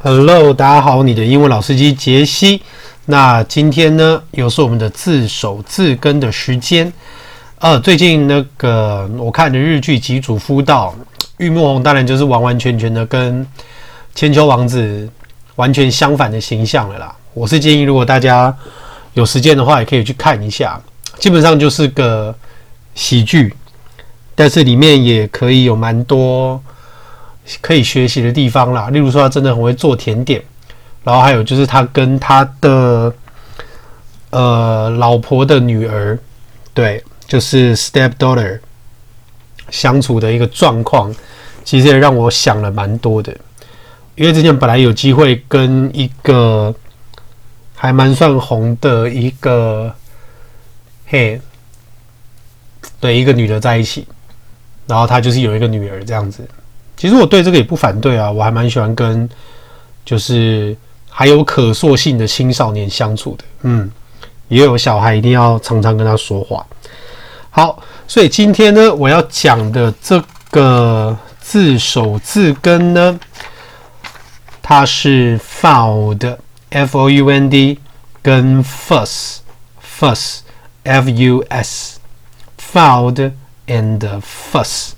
Hello，大家好，你的英文老司機傑西。那今天呢，又是我們的字首字根的時間。呃，最近那個我看的日劇《極主夫道》，玉木宏當然就是完完全全的跟《千秋王子》完全相反的形象了啦。我是建議，如果大家有時間的話，也可以去看一下。基本上就是個喜劇，但是裡面也可以有蠻多。可以學習的地方啦，例如說他真的很會做甜點，然後還有就是他跟他的呃老婆的女兒，對，就是 stepdaughter 相處的一個狀況，其實也讓我想了蠻多的，因為之前本來有機會跟一個還蠻算紅的一個，嘿，對，一個女的在一起，然後他就是有一個女兒這樣子。其實我對這個也不反對啊，我還蠻喜歡跟就是還有可塑性的青少年相處的，嗯，也有小孩一定要常常跟他說話。好，所以今天呢，我要講的這個字首字根呢，它是 found（f o u n d） 跟 fus（fus，f u s）found and fus。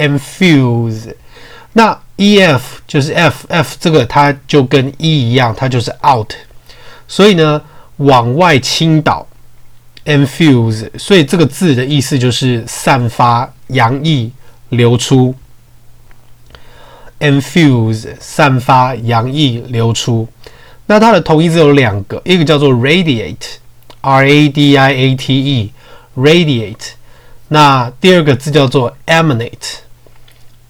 effuse 那 e f 就是 f f 這個它就跟 e 一樣，它就是 out，所以呢往外傾倒。effuse 所以這個字的意思就是散發、洋溢、流出。effuse 散發、洋溢、流出。那它的同義字有兩個，一個叫做 radiate，r a d i a t e，radiate。那第二個字叫做 emanate。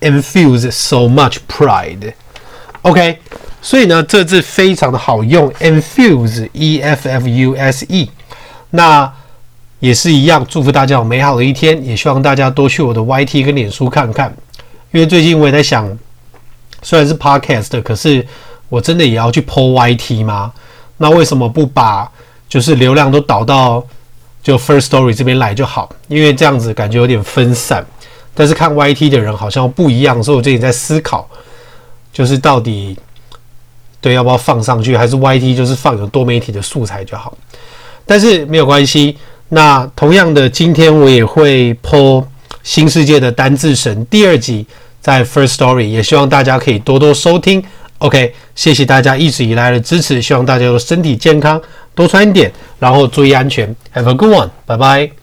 Infuse so much pride. OK，所以呢，這字非常的好用。Infuse, E-F-F-U-S-E，那也是一樣。祝福大家有美好的一天，也希望大家多去我的 YT 跟臉書看看。因為最近我也在想，雖然是 Podcast，可是我真的也要去 Po YT 嗎？那為什麼不把就是流量都導到就 First Story 這邊來就好？因為這樣子感覺有點分散。但是看 YT 的人好像不一樣，所以我最近在思考，就是到底對要不要放上去，還是 YT 就是放有多媒體的素材就好。但是沒有關係，那同樣的今天我也會 po《新世界的單字神》第二集在 First Story，也希望大家可以多多收聽。OK，謝謝大家一直以來的支持，希望大家都身體健康，多穿一點，然後注意安全。Have a good one，拜拜。